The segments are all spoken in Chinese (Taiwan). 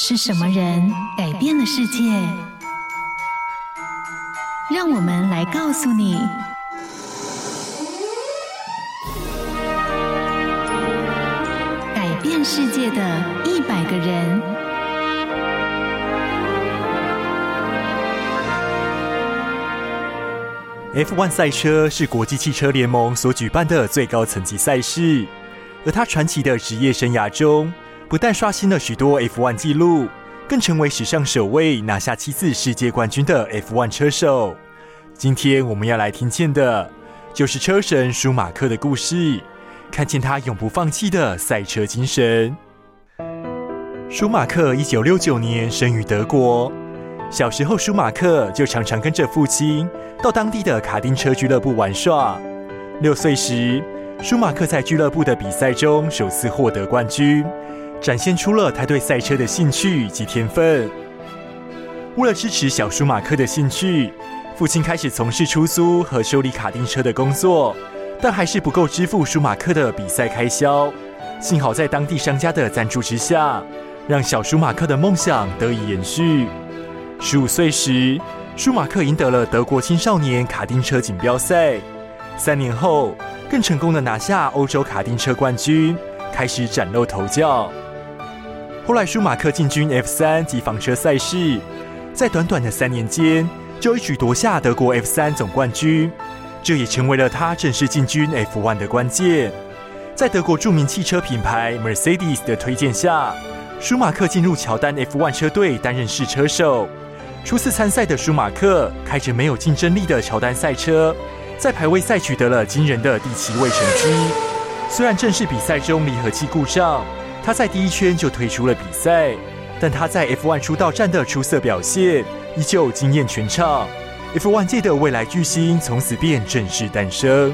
是什麼人改變了世界？讓我們來告訴你：改變世界的一百個人。F1 賽車是國際汽車聯盟所舉辦的最高層級賽事，而他傳奇的職業生涯中。不但刷新了許多 F1 紀錄，更成為史上首位拿下七次世界冠軍的 F1 車手。今天我們要來聽見的就是車神舒馬克的故事，看見他永不放棄的賽車精神。舒馬克一九六九年生於德國，小時候舒馬克就常常跟着父親到當地的卡丁車俱樂部玩耍。六歲時，舒馬克在俱樂部的比賽中首次獲得冠軍。展現出了他對賽車的興趣及天分。為了支持小舒馬克的興趣，父親開始從事出租和修理卡丁車的工作，但還是不夠支付舒馬克的比賽開銷。幸好在當地商家的贊助之下，讓小舒馬克的夢想得以延續。十五歲時，舒馬克贏得了德國青少年卡丁車錦標賽，三年後更成功地拿下歐洲卡丁車冠軍，開始嶄露頭角。後來，舒馬克進軍 F 三及房車賽事，在短短的三年間就一舉奪下德國 F 三總冠軍，這也成為了他正式進軍 F one 的關鍵。在德國著名汽車品牌 Mercedes 的推薦下，舒馬克進入喬丹 F one 車隊擔任試車手。初次參賽的舒馬克開着沒有競爭力的喬丹賽車，在排位賽取得了驚人的第七位成績。雖然正式比賽中離合器故障。他在第一圈就退出了比賽，但他在 F1 出道戰的出色表現依舊驚豔全場。F1 界的未來巨星從此便正式誕生。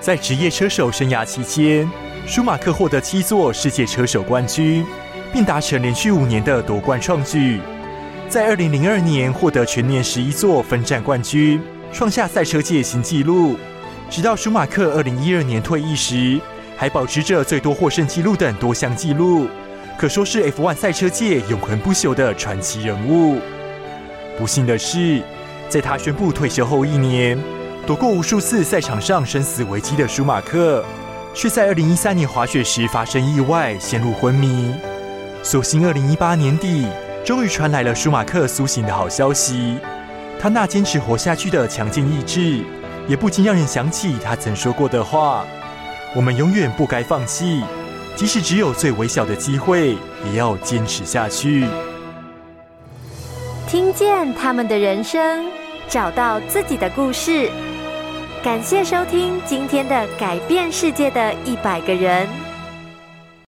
在職業車手生涯期間，舒馬克獲得七座世界車手冠軍，並達成連續五年的奪冠創舉。在二零零二年獲得全年十一座分站冠軍，創下賽車界新紀錄。直到舒馬克二零一二年退役時，還保持着最多獲勝記錄等多項記錄，可說是 F1 賽車界永恆不朽的傳奇人物。不幸的是，在他宣布退休後一年，躲過無數次賽場上生死危機的舒馬克，卻在二零一三年滑雪時發生意外，陷入昏迷。所幸二零一八年底，終於傳來了舒馬克甦醒的好消息。他那堅持活下去的強勁意志，也不禁讓人想起他曾說過的話。我們永遠不該放棄，即使只有最微小的機會，也要堅持下去。聽見他們的人生，找到自己的故事。感謝收聽今天的《改變世界的一百個人》。